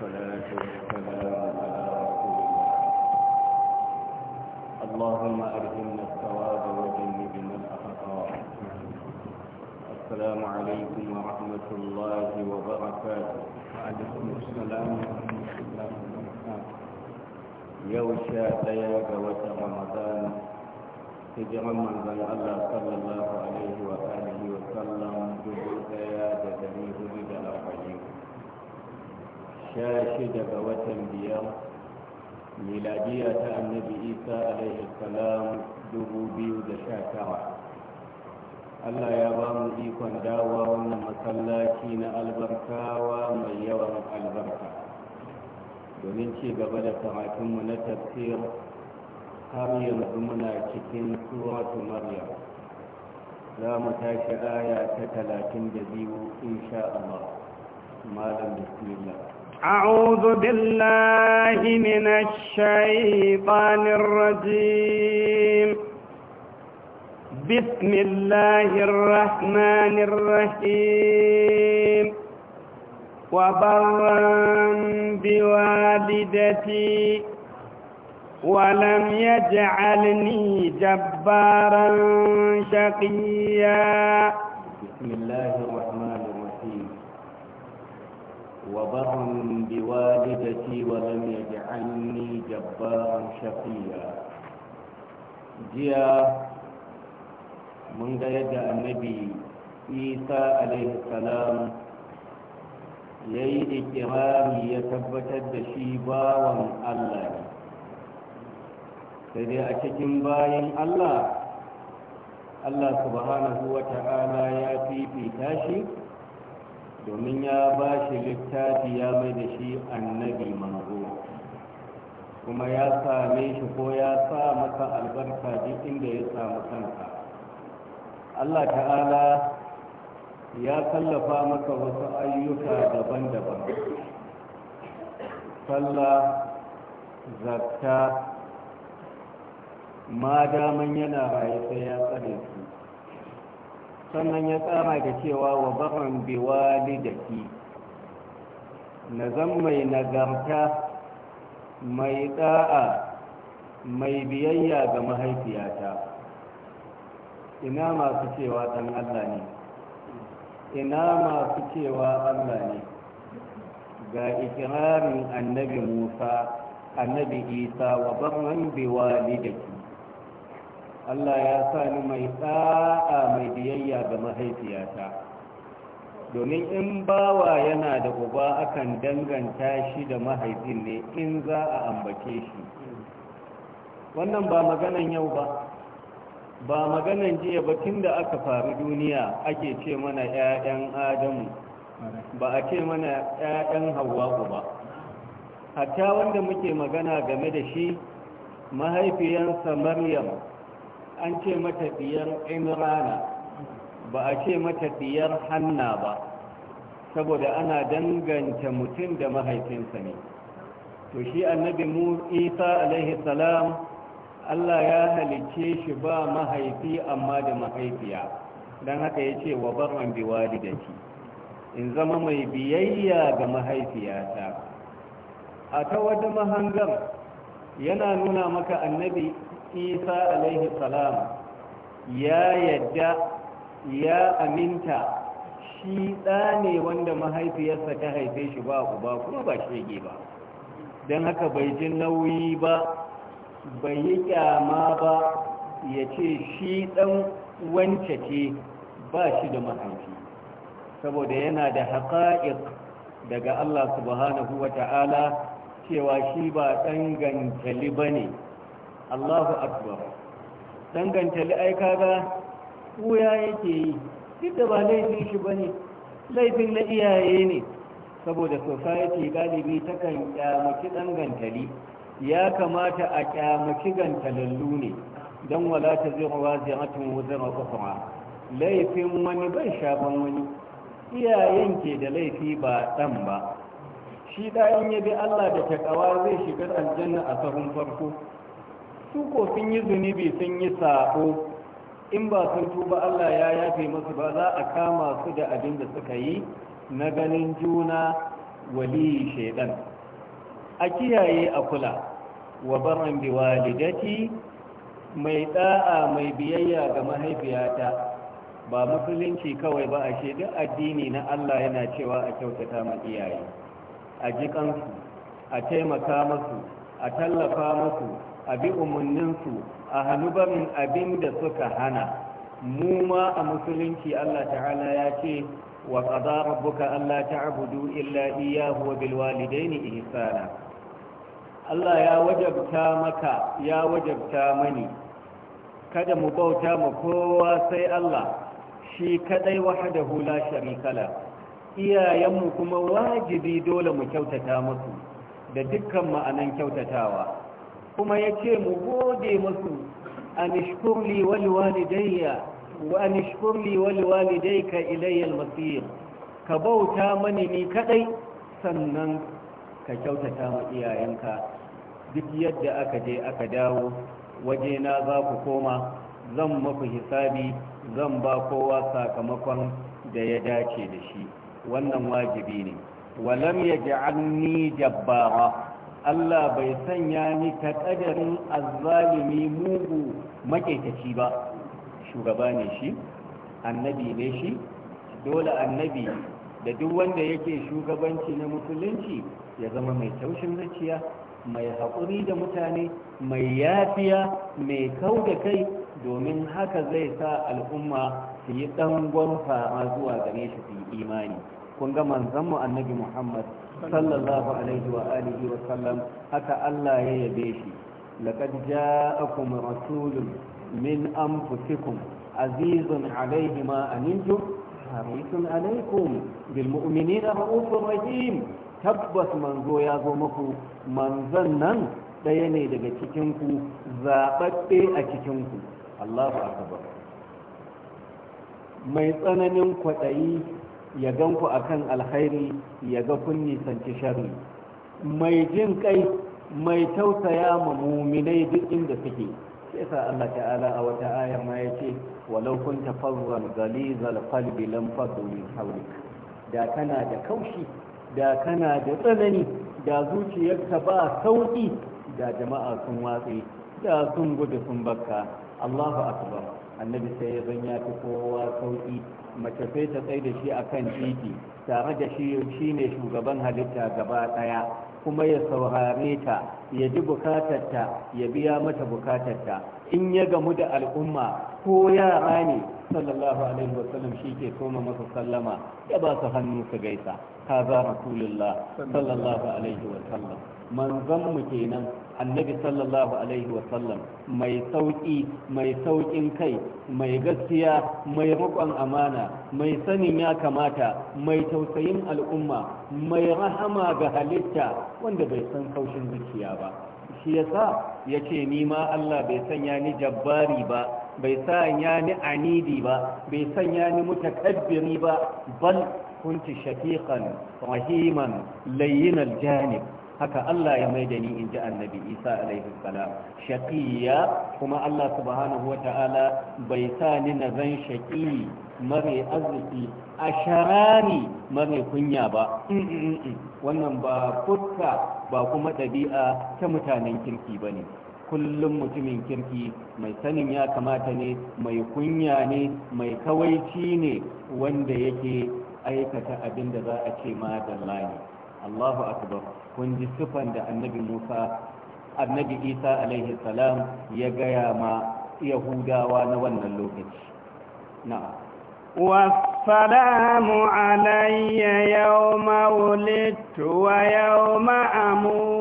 والصلاة والسلام على رسول الله اللهم أرهمنا الثواب وجنبنا الأخطاء السلام عليكم ورحمة الله وبركاته وعليكم السلام ورحمة الله وبركاته يوشى دياك وترمضان hijiran manzan Allah sallallahu Alaihi wa alihi wa sallam dubu daya da dari sha shida ga watan biyar miladiya ta annabi isa alaihi salam dubu biyu da sha tara allah ya ba mu ikon dawa wannan masallaci na albarkawa mai yawan albarka domin ci gaba da karatunmu na tafsir har yanzu muna cikin suratu maryam za mu tashi aya ta talatin da biyu insha allah malam bismillah أعوذ بالله من الشيطان الرجيم بسم الله الرحمن الرحيم وبرا بوالدتي ولم يجعلني جبارا شقيا بسم الله الرحمن وبرا بوالدتي ولم يجعلني جبارا شقيا جيا من قيد النبي عيسى عليه السلام yayi ikirari ya tabbatar da shi bawan Allah ne sai dai a cikin bayan Allah Allah subhanahu wa ta'ala ya fifita shi domin ya ba shi littafi ya mai da shi annabi manzo kuma ya same shi ko ya sa maka albarka duk inda ya samu kansa allah ta'ala ya tallafa maka wasu ayyuka daban-daban sallah zakka ma daman yana raye sai ya tsare su sannan ya tsara da cewa wa barin da ki, na zan mai nagarta mai da'a mai biyayya ga mahaifiyata ina masu cewa dan Allah ne ina masu cewa Allah ne ga ikirarin annabi Musa annabi Isa wa barin da ki. Allah ya sani mai ɗa'a mai biyayya ga mahaifiyata domin in bawa yana da uba akan danganta shi da mahaifin ne in za a ambace shi wannan ba maganan yau ba ba maganan jiya ba tun da aka faru duniya ake ce mana 'ya'yan adamu ba a ce mana 'ya'yan hawa'u ba hatta wanda muke magana game da shi mahaifiyansa maryam an ce mata biyar imrana ba a ce mata biyar hanna ba saboda ana danganta mutum da mahaifinsa ne to shi annabi mu isa alaihi salam allah ya halicce shi ba mahaifi amma da mahaifiya don haka ya ce wa barman biwali da shi in zama mai biyayya ga mahaifiyata a ta wata mahangar yana nuna maka annabi isa alaihi salam ya yadda ya aminta shi ɗa ne wanda mahaifiyarsa ta haife shi ba uba kuma ba shege ba don haka bai ji nauyi ba bai yi kyama ba ya ce shi ɗan wance ce ba shi da mahaifi saboda yana da haƙa'ik daga Allah subhanahu wa ta'ala cewa shi ba ɗan gantali ba ne Allahu akbar danganta li'ai kaga ya yake yi duk da ba laifin shi bane laifin na iyaye ne saboda society galibi takan kyamaki dangantali ya kamata a kyamaki gantalallu ne Dan wala ta zai ruwa ziratun wuzar kusura. laifin wani ban shafan wani iyayen ke da laifi ba ɗan ba shi da in ya bi Allah da takawa zai shiga aljanna a sahun farko su ko sun yi zunubi sun yi sabo in ba sun tuba Allah ya yafe musu ba za a kama su da abin da suka yi na ganin juna wali shaidan a kiyaye a kula wa baran bi walidati mai da'a mai biyayya ga mahaifiyata ba musulunci kawai ba a duk addini na Allah yana cewa a kyautata ma iyaye a jikansu a taimaka musu a tallafa musu a bi umarninsu a hannu barin abin da suka hana mu ma a musulunci Allah ta'ala ya ce wa qada rabbuka alla ta'budu illa iyyahu wa bil ne ihsana Allah ya wajabta maka ya wajabta mani kada mu bauta ma kowa sai Allah shi kadai wahdahu la sharika la iyayenmu kuma wajibi dole mu kyautata musu da dukkan ma'anan kyautatawa kuma ya ce mu gode masu an ishkurli wani walidayya wa an ishkurli walidayka masir ka bauta mani ni kadai sannan ka kyautata ma iyayenka duk yadda aka je aka dawo waje na za ku koma zan maku hisabi zan ba kowa sakamakon da ya dace da shi wannan wajibi ne walam yaj'alni jabbara Allah bai sanya ni ta kadarin azzalimi mugu maƙetaci ba shugaba ne shi annabi ne shi dole annabi da duk wanda yake shugabanci na musulunci ya zama mai taushin zuciya mai haƙuri da mutane mai yafiya mai kau da kai domin haka zai sa al'umma su yi ɗan gwamfa zuwa gare shi su yi imani kun ga mu annabi muhammad sallallahu alaihi wa alihi wa sallam haka Allah ya yabe shi laqad ja'akum rasulun min anfusikum azizun alaihi ma anantum harisun alaikum bil mu'minina ra'ufur rahim tabbas manzo ya zo muku manzon nan daya ne daga cikinku zaɓaɓɓe a cikinku Allahu akbar mai tsananin kwaɗayi ya gan ku kan alkhairi ya ga kun nisanci sharri mai jin kai mai tausaya ma muminai duk inda suke sai sa Allah ta'ala a wata aya ma yace walau kunta fazzan ghalizal qalbi lam fadu min hawlik da kana da kaushi da kana da tsanani da zuciyarka ba sauki da jama'a sun watsi da sun gudu sun bakka Allahu akbar annabi sai ya zanya fi kowa sauƙi mace sai ta tsaye da shi a kan titi tare da shi shi ne shugaban halitta gaba ɗaya kuma ya saurare ta ya ji bukatarta ya biya mata bukatarta in ya gamu da al'umma ko yara ne sallallahu alaihi wasallam shi ke soma masa sallama ya ba su hannu su gaisa kaza rasulullah sallallahu alaihi wasallam manzon mu kenan annabi sallallahu alaihi wasallam mai sauƙi mai sauƙin kai mai gaskiya mai riƙon amana mai sanin ya kamata mai tausayin al'umma mai rahama ga halitta wanda bai san kaushin zuciya ba shi yasa ya ce ni ma Allah bai sanya ni jabbari ba bai sanya ni anidi ba bai sanya ni mutakabbiri ba bal kunti shafiqan rahiman layyinal janib haka Allah ya mai da ni in ji annabi isa alaihi salam shaqiya kuma Allah subhanahu wa ta'ala bai sa ni na zan shaqi mare arziki a sharari mare kunya ba wannan ba fuska ba kuma ɗabi'a ta mutanen kirki ba ne kullum mutumin kirki mai sanin ya kamata ne mai kunya ne mai kawaici ne wanda yake aikata abin da za a ce ma da ne Allahu akbar kun ji sifan da annabi Musa annabi Isa alaihi salam ya gaya ma Yahudawa na wannan lokaci na'am والسلام علي يوم ولدت ويوم أموت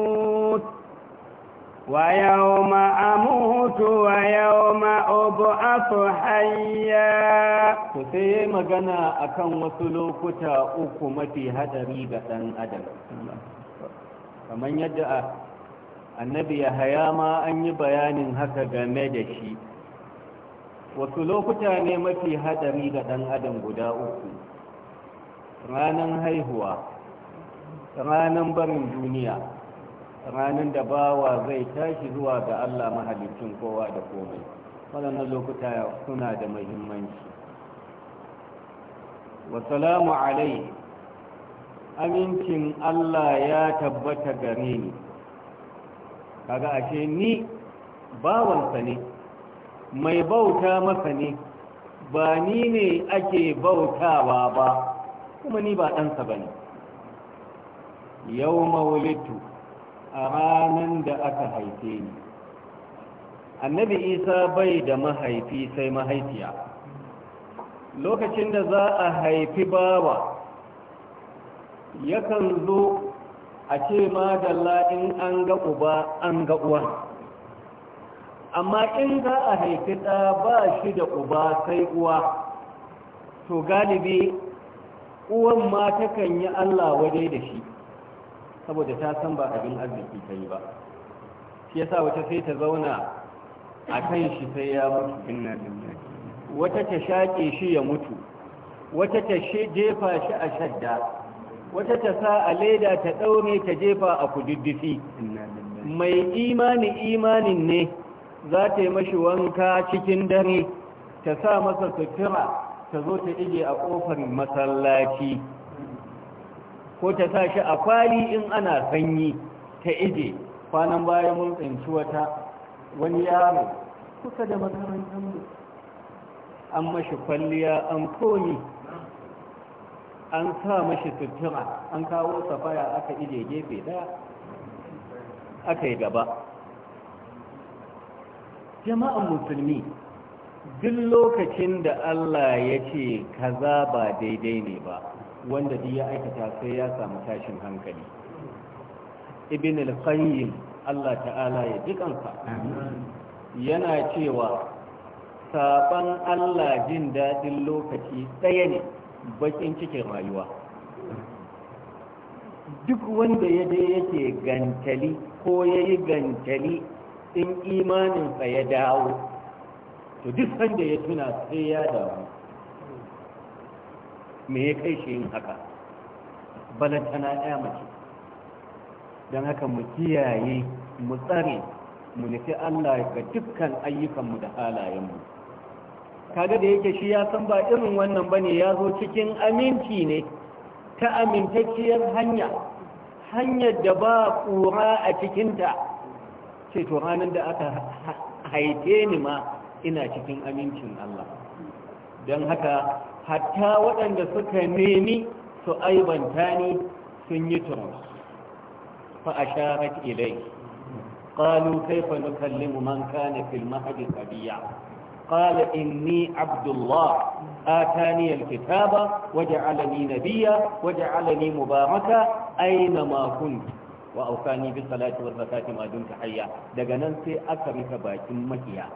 ويوم أموت ويوم أبعث حيا كتي مغنى أكن وسلو كتا أكمتي هذا ريبة أدم فمن يدعى النبي ya أن يبيان هكذا yi wasu lokuta ne mafi hadari ga ɗan adam guda uku ranar haihuwa ranar barin duniya ranar da bawa zai tashi zuwa ga Allah mahalicin kowa da komai waɗannan lokuta suna da muhimmanci wasalamu alai amincin Allah ya tabbata gare ni kaga ashe ni bawansa ne mai bauta masa ne ba ni ne ake bautawa ba kuma ni ba ɗansa ba ne yau maulitu a ranan da aka haife ni annabi isa bai da mahaifi sai mahaifiya lokacin da za a haifi bawa yakan zo a ce madalla in an ga uba an ga uwan amma in za a haifi ɗa ba shi da uba sai uwa to galibi uwan ma takan yi allah waje da shi saboda ta san ba abin arziki ta yi ba shi yasa wata sai ta zauna a kan shi sai ya mutu wata ta shaƙe shi ya mutu wata ta jefa shi a shadda wata ta sa a leda ta ɗaure ta jefa a kududdufi mai imani imanin ne za ta yi mashi wanka cikin dare ta sa masa sutura ta zo ta ije a ƙofar masallaci ko ta sa shi a kwali in ana sanyi ta ije kwanan bayan mun tsinci wata wani yaro kusa da makarantar mu an mashi kwalliya an koni an sa mashi sutura an kawo safaya aka ije gefe da aka yi gaba jama'an musulmi duk lokacin da Allah ya ce kaza ba daidai ne ba wanda duk ya aikata sai ya samu tashin hankali ibn al-qayyim Allah ta'ala ya sa yana cewa saban Allah jin dadin lokaci tsaye ne bakin cikin rayuwa duk wanda ya je yake gantali ko ya yi gantali in imaninsa ya dawo to duk sanda ya tuna sai ya dawo me ya kai shi yin haka balantana ɗaya mace don haka mu kiyaye mu tsare mu nufi Allah ga dukkan ayyukanmu da halayenmu kaga da yake shi ya san ba irin wannan bane ya zo cikin aminci ne ta amintacciyar hanya hanyar da ba ƙura a cikinta ce to ranar da aka haite ni ma ina cikin amincin Allah don haka hatta waɗanda suka nemi su aibanta ni sun yi turus fa a sharat ilai ƙalu kaifa nukallimu man kane fil mahadi sabiya ƙala inni abdullah a ta niyar kitaba waje alani nabiya waje alani mubaraka aina makun. wa auka ni bi salati wa zakati ma dun tahayya daga nan sai aka rika bakin makiya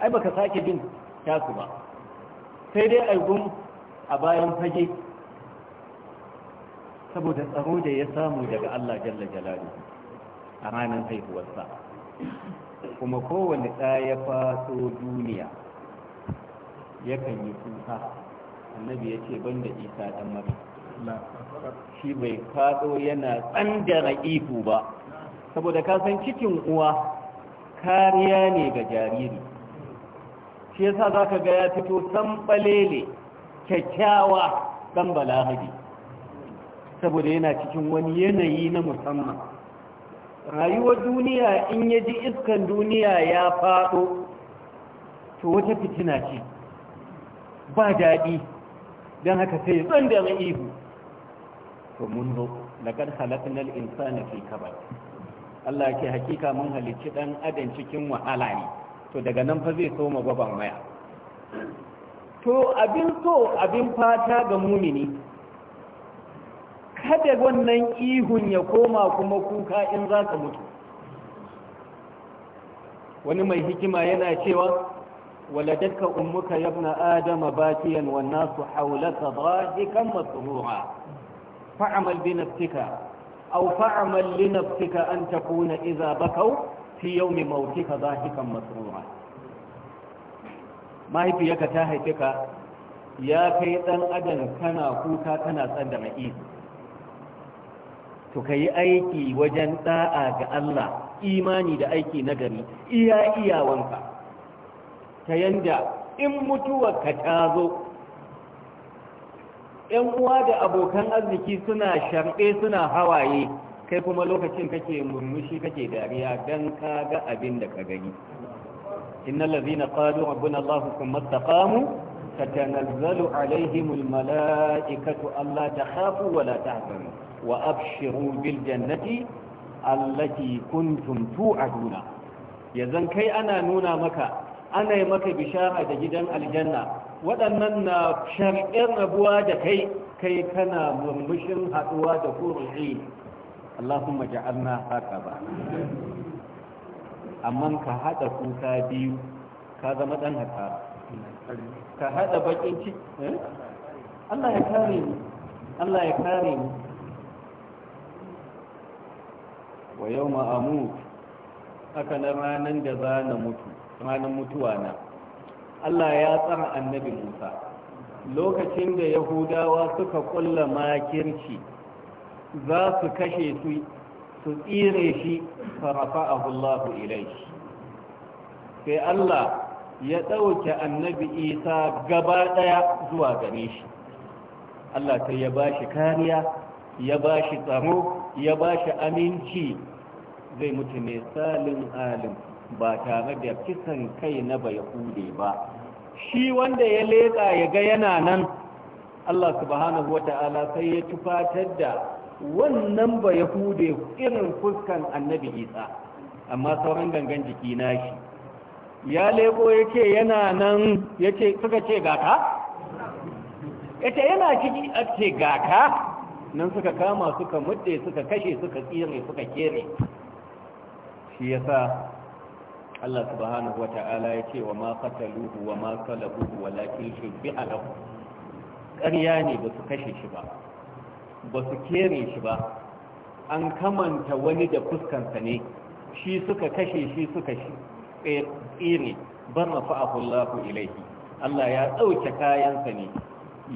ai baka sake jin tasu ba sai dai aigun a bayan fage saboda tsaro da ya samu daga Allah jalla jalali a ranar haihuwarsa kuma kowane ɗaya faso duniya yakan yi kuka annabi ya ce ban da isa ɗan mara shi bai faso yana da ihu ba saboda kasan cikin uwa kariya ne ga jariri shi yasa za ka ga ya fito ne kyakkyawa ɗan balahari saboda yana cikin wani yanayi na musamman rayuwar duniya in ya ji iskan duniya ya faɗo to wata fitina ce ba daɗi don haka sai ya da ihu to mun zo laƙar halafinar insana fi kabar Allah ke hakika mun halicci ɗan adam cikin wahala ne to daga nan fa zai soma maya? to abin so abin fata ga mumini kada wannan ihun ya koma kuma kuka in za ka mutu wani mai hikima yana cewa waladatka ummuka yabna adama batiyan wan nasu hawlaka dhahikan masrura fa'mal bi nafsika aw fa'mal li nafsika an takuna idha bakaw fi yaumi mautika zahikan masrura mahaifiyarka ta haife ka ya kai dan adam kana kuka kana san da mai to yi aiki wajen da'a ga Allah imani da aiki na gari. iya iyawanka ta yanda in mutuwar ka ta zo ‘yan uwa da abokan arziki suna sharɗe suna hawaye kai kuma lokacin kake murmushi kake dariya dan ka ga abin da ka gani inna ladhina qalu rabbuna allah thumma istaqamu tatanazzalu alaihim al malaikatu alla takhafu wa la tahzanu wa abshiru bil jannati allati kuntum tu'aduna yanzan kai ana nuna maka ana yi maka bishara da gidan aljanna waɗannan na shar'in rabuwa da kai kai kana murmushin haɗuwa da kurri Allahumma ja'alna ba. amma ka hada kuka biyu ka zama dan haka ka hada bakin ci eh? Allah ya kare mu Allah ya kare ni wa yawma amut haka na ranan da za na mutu ranan mutuwa na Allah ya tsara annabi Musa lokacin da Yahudawa suka kulla makirci za su kashe su su tsire shi farafa'ahu Allah ilaihi sai Allah ya ɗauke annabi Isa gaba ɗaya zuwa gare shi Allah sai ya ba shi kariya ya ba shi tsaro ya ba shi aminci zai mutu mai salin alim ba tare da kisan kai na bai hude ba shi wanda ya leƙa ya ga yana nan Allah subhanahu ta'ala sai ya tufatar da wannan ba hude irin fuskan annabi isa amma sauran gangan jiki shi. ya leko ya ce yana nan ya ce suka ce gaka? ya ce yana ciki a ce gaka nan suka kama suka mudde suka kashe suka tsire suka kere shi ya sa Allah subhanahu wata'ala ya ce wa ma luhu wa ma salabuhu walakin shubbiha lahu ƙarya ne ba su kashe shi ba ba su kere shi ba an kamanta wani da fuskansa ne shi suka kashe shi suka shi eh, tsere ban rafa'ahullahu ilaihi Allah ya ɗauke kayansa ne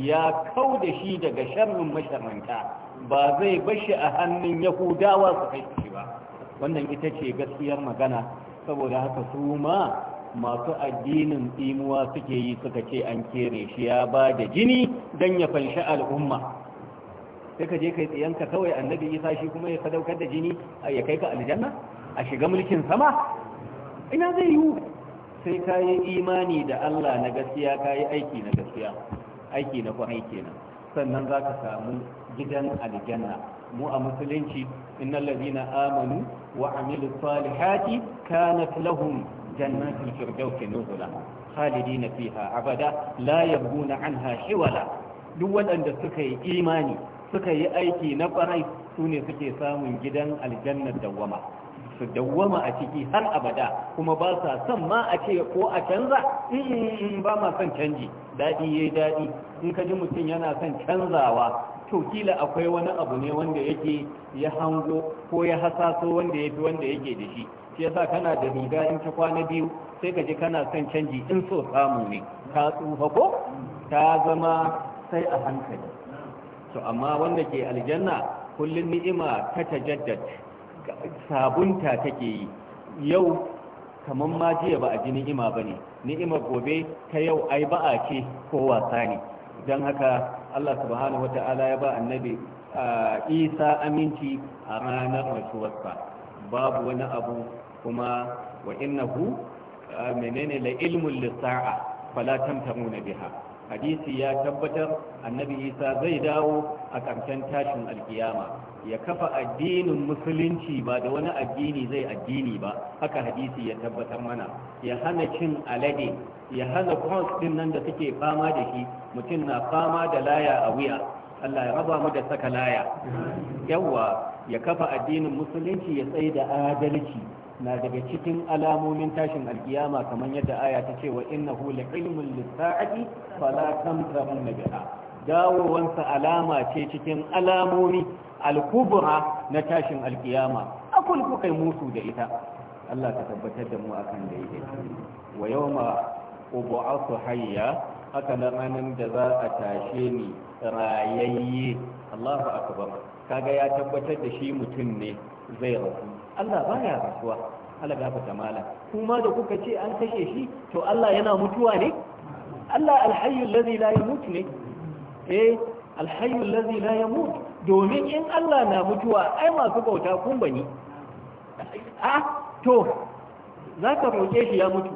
ya kau da shi daga sharrin masharanta ba zai bashi a hannun yahudawa su kai shi ba wannan ita ce gaskiyar magana saboda haka su ma masu addinin tsimuwa suke yi suka ce an kere shi ya ba da jini don ya fanshi al'umma sai ka je kai tsiyanka kawai annabi isa shi kuma ya sadaukar da jini ya kai ka aljanna a shiga mulkin sama ina zai yiwu sai ka yi imani da Allah na gaskiya ka yi aiki na gaskiya aiki na kwanai kenan sannan za ka samu gidan aljanna mu a musulunci innal ladina amanu wa amilu salihati kanat lahum jannatul firdausi nuzula khalidina fiha abada la yabghuna anha hiwala duk waɗanda suka yi imani suka yi aiki na ƙwarai su ne suke samun gidan aljannar dawama su dawama a ciki har abada kuma ba sa son ma a ce ko a canza ba ma son canji daɗi ya yi daɗi in ka ji mutum yana son canzawa to kila akwai wani abu ne wanda yake ya hango ko ya hasaso wanda ya fi wanda yake da shi shi yasa kana da riga in ta kwana biyu sai ka ji kana son canji in so samu ne ka tsufa ko ta zama sai a hankali to amma wanda ke aljanna kullum ni'ima ta tajaddad sabunta take yi yau kamar ma jiya ba a ji ni'ima ba ne ni'imar gobe ta yau ai ba a ce ko wasa ne don haka allah subhanahu wata'ala ya ba annabi isa aminci a ranar rasuwarsa babu wani abu kuma wa innahu menene la ilmun lissa'a fala tamtamuna biha hadisi ya tabbatar annabi isa zai dawo a ƙarshen tashin alkiyama ya kafa addinin musulunci ba da wani addini zai addini ba haka hadisi ya tabbatar mana ya hana cin alade ya hana cross din nan da suke fama da shi mutum na fama da laya a wuya Allah ya raba mu da saka laya yawa ya kafa addinin musulunci ya tsaye da adalci na daga cikin alamomin tashin alkiyama kamar yadda aya ta ce wa innahu la'ilmun lis-sa'ati fala tamtarun biha dawowansa alama ce cikin alamomi alkubra na tashin alkiyama akul kuka musu da ita Allah ta tabbatar da mu akan daidai wa yawma ub'athu hayya haka na ranar da za a tashe ni rayayye Allahu akbar kaga ya tabbatar da shi mutum ne zai rasu Allah baya rasuwa Allah gafa tamala kuma da kuka ce an kashe shi to Allah yana mutuwa ne Allah alhayyul ladhi la yamut ne eh alhayyul ladhi la yamut domin in Allah na mutuwa ai masu bauta kun bani a to zaka roke shi ya mutu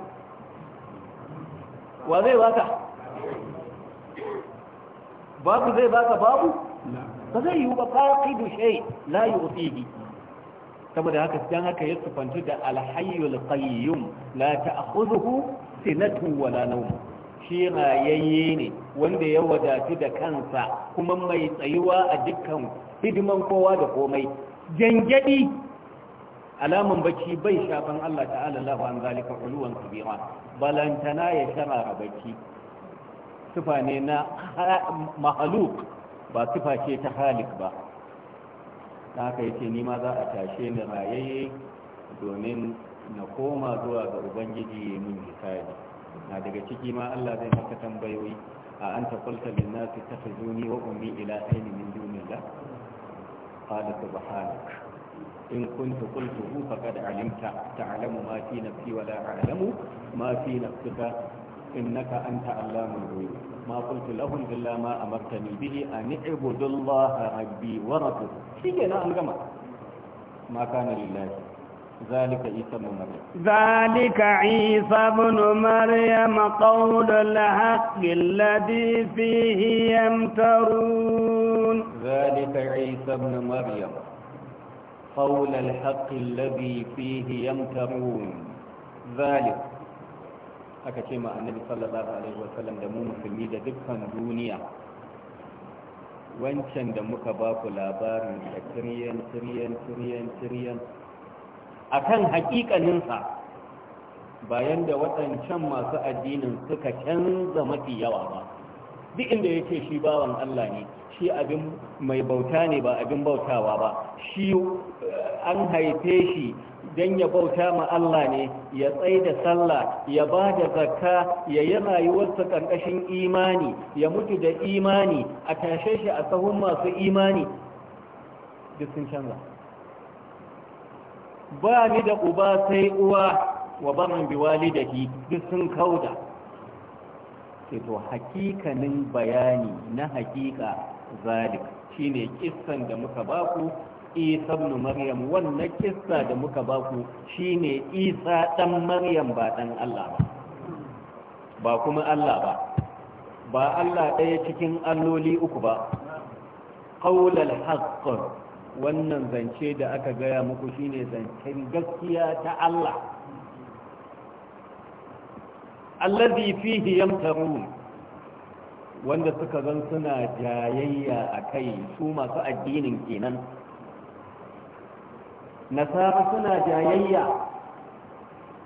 wa zai baka babu zai baka babu ba zai yi ba faqidu shay la yu'tihi saboda haka dan haka ya sufantu da alhayyul qayyum la ta'khudhuhu sinatun wala nawm shi rayayye ne wanda ya wadatu da kansa kuma mai tsayuwa a dukkan hidiman kowa da komai jangadi alaman bacci bai shafan Allah ta'ala lahu an zalika uluwan kabira balantana ya sharara bacci sifa ne na mahaluk ba sifa ce ta halik ba ta haka yake ni ma za a tashe ni rayayye domin na koma zuwa ga ubangiji ya mun hisabi na daga ciki ma Allah zai maka tambayoyi a an anta qulta lin nasi takhuzuni wa ummi ilahaini min dunillah qala subhanak in kuntu qultuhu faqad alimta ta'lamu ma fi nafsi wa la a'lamu ma fi nafsika innaka anta allamul ghuyub ما قلت لهم إلا ما أمرتني به أن اعبد الله ربي وربه شيئنا الجمع ما كان لله ذلك عيسى بن مريم ذلك عيسى بن مريم قول الحق الذي فيه يمترون ذلك عيسى بن مريم قول الحق الذي فيه يمترون ذلك aka ce ma annabi sallallahu alaihi wasallam da mu musulmi da dukkan duniya wancan da muka ba ku labarin da tiriyan tiriyan tiriyan tiriyan akan hakikaninsa bayan da waɗancan masu addinin suka canza mafi yawa ba duk inda ya shi bawan Allah ne shi abin mai bauta ne ba abin bautawa ba shi eh, an haife shi Idan ya bauta ma Allah ne ya tsai da sallah ya ba da zakka ya yi rayuwarsa ƙarƙashin imani ya mutu da imani a tashe shi a sahun masu imani duk sun canza ba ni da uba sai uwa wa barin biwali da shi duk sun kauda to hakikanin bayani na hakika zalik shine kissan da muka baku isa ibn maryam wannan kissa da muka ba ku shine isa dan maryam ba dan Allah ba ba kuma Allah ba ba Allah ɗaya cikin alloli uku ba qaulal haqq wannan zance da aka gaya muku shine zancen gaskiya ta Allah allazi fihi yamtarun wanda suka zan suna jayayya akai su masu addinin kenan nasara suna jayayya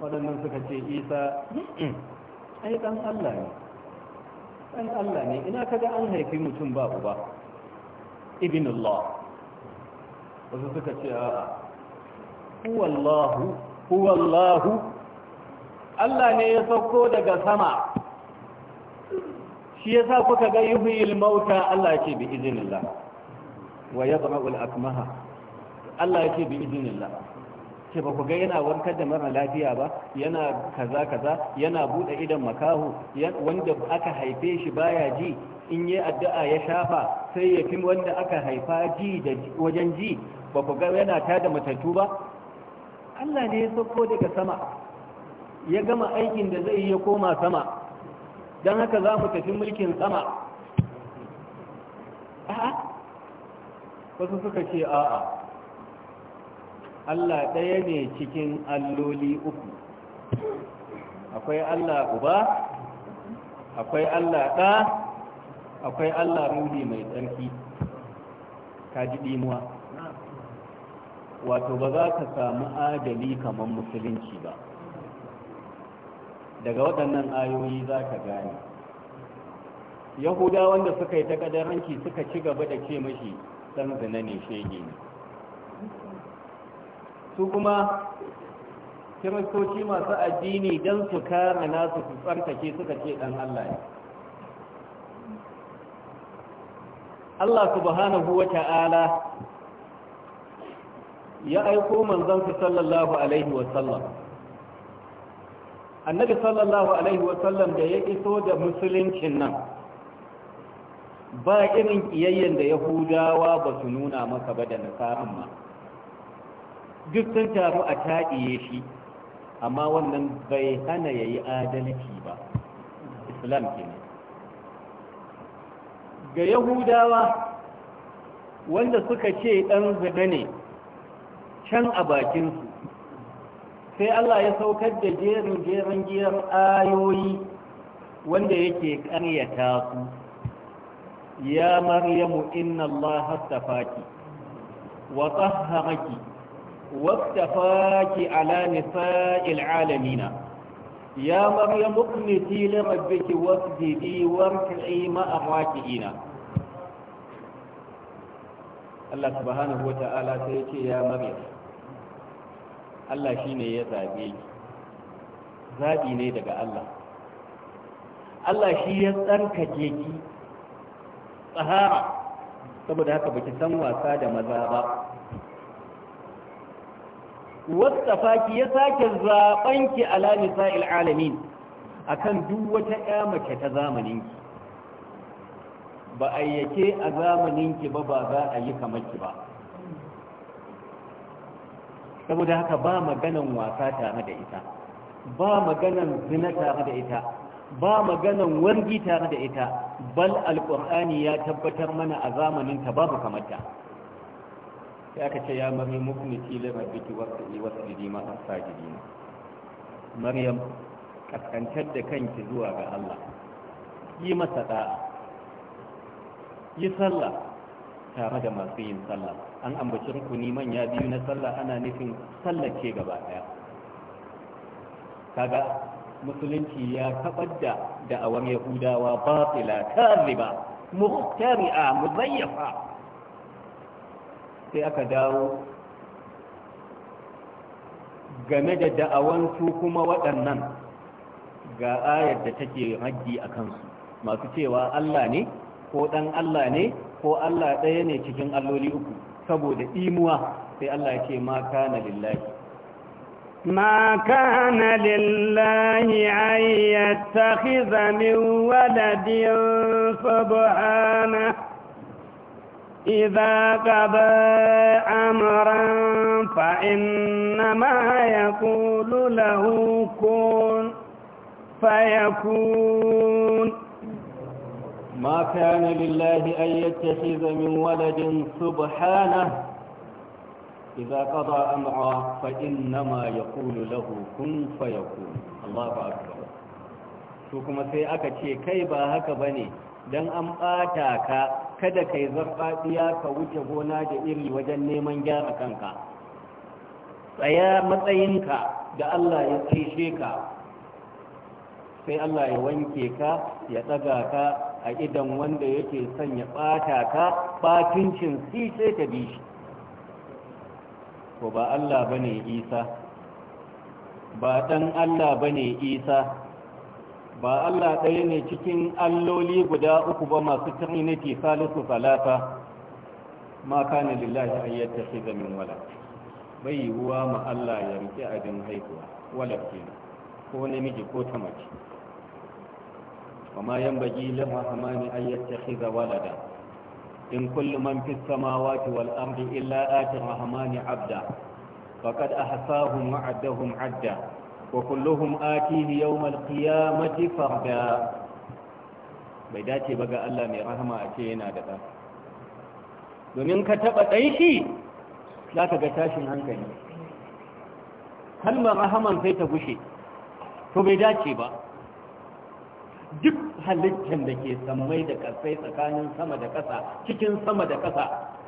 waɗannan suka ce isa ai ɗan allah ne ɗan allah ne ina kaga an haifi mutum ba uba ibn allah wasu suka ce a'a huwallahu huwallahu allah ne ya sauko daga sama shi ya sa kuka ga yuhuyil mauta allah ce bi izinillah wa ya zama ul'akmaha Allah ya ce bi izinillah ce ba ku ga yana warkar da mara lafiya ba yana kaza kaza yana bude idan makahu wanda aka haife shi baya ji in yi addu'a ya shafa sai ya fi wanda aka haifa ji da wajen ji ba ku ga yana ta da matattu ba Allah ne ya sauko daga sama ya gama aikin da zai ya koma sama don haka za mu tafi mulkin sama a'a wasu suka ce a'a Allah ɗaya ne cikin alloli uku akwai Allah uba akwai Allah ɗa akwai Allah ruhi mai tsarki ka ji ɗimuwa wato ba za ka samu adali kamar musulunci ba daga waɗannan ayoyi za ka gane yahudawan da suka yi ta ƙadaranci suka ci gaba da ce mashi ɗan ne shege ne su kuma kiristoci masu addini don su kare nasu su tsarkake suka ce ɗan Allah ne Allah subhanahu wa ta'ala ya aiko su sallallahu alaihi wasallam annabi sallallahu alaihi wasallam da ya iso da musuluncin nan ba irin kiyayyen da yahudawa ba su nuna maka ba da nasarar ma duk sun taru a taɗiye shi amma wannan bai hana ya yi adalci ba islam kenan ga yahudawa wanda suka ce ɗan zina ne can a bakinsu sai Allah ya saukar da jerin jerin giyar ayoyi wanda yake ƙaryata su ya maryamu inna Allah faki wa tsaharaki واستفاك على نساء العالمين يا مريم اقنتي لربك واسجدي واركعي مع الراكعين Allah subhanahu wa ta'ala sai ce ya Maryam Allah shi ne ya zaɓe zaɓi ne daga Allah Allah shi ya tsarkake ki tsahara saboda haka baki san wasa da maza ba ki ya sake zaben ki ala nisa'il alamin akan duk wata ƴa mace ta zamanin ki ba ayyake a zamanin ki ba ba za a yi kamar ki ba saboda haka ba maganan wasa tare da ita ba maganan zina tare da ita ba maganan wargi tare da ita bal Alƙur'ani ya tabbatar mana a zamanin ta babu kamar ta ya aka ce ya mari biki wasu yi wasu wasbi masu sajidi ne maryam kaskantar da kanki zuwa ga Allah yi masa da'a yi sallah tare da masu yin sallah an ambaci rukuni manya biyu na sallah ana nufin sallah ke gaba daya kaga musulunci ya kabar da da'awar yahudawa batila kaziba muhtari'a muzayyafa sai aka dawo game da da'awansu kuma waɗannan ga ayar da take haddi a kansu masu cewa Allah ne ko ɗan Allah ne ko Allah ɗaya ne cikin alloli uku saboda imuwa sai Allah ce ma kana lillahi ما كان لله أن يتخذ من ولد سبحانه إذا قضى أمرا فإنما يقول له كن فيكون ما كان لله أن يتخذ من ولد سبحانه إذا قضى أمرا فإنما يقول له كن فيكون الله أكبر شو كما سيأكد شيء كيبا هكبني دان أم آتاك kada ka yi zarfadiya ka wuce gona da iri wajen neman gyara kanka tsaya matsayinka da Allah ya tsaishe ka sai Allah ya wanke ka ya tsaga ka a idan wanda yake son ya ɓata ka batincin si sai ta bi shi ko ba Allah bane Isa ba dan Allah bane Isa ba Allah ɗaya ne cikin alloli guda uku ba masu trinity salisu salata ma kana lillahi an yattakhidha min wala bai yiwuwa ma Allah ya rike abin haihuwa wala ko namiji ko ta mace وما ينبغي للرحمن أن يتخذ ولدا إن كل من في السماوات والأرض إلا آتي الرحمن عبدا فقد أحصاهم وعدهم عدا وكلهم آتيه يوم القيامة فردا bai dace ba ga Allah mai rahama a ce yana da domin ka taɓa ɗai shi za ka ga tashin hankali kalmar rahaman sai ta bushe. to bai dace ba duk halittar da ke sammai da ƙasai tsakanin sama da ƙasa cikin sama da ƙasa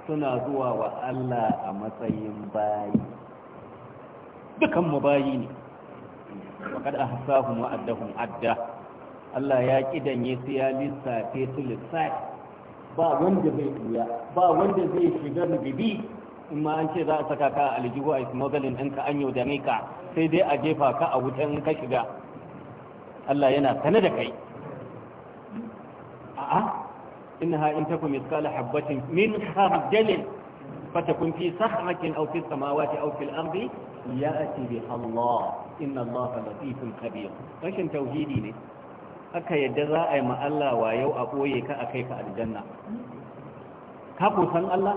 suna zuwa wa Allah a matsayin bayi dukanmu bayi ne wa kad ahsahum wa addahum adda Allah ya kidanye su ya lissafe su lissafi ba wanda zai tuya ba wanda zai shiga rubibi in ma an ce za a saka ka aljihu a smuggling ɗinka an yau da ka sai dai a jefa ka a wutan ka shiga Allah yana sane da kai a'a innaha in takum misqala habatin min khardalin فتكن في صحمة أو في السماوات أو في الأرض يأتي بها الله إن الله لطيف خبير rashin tauhidi ne aka yadda za a yi ma'alla wa yau a ɓoye ka a kai ka ka kusan Allah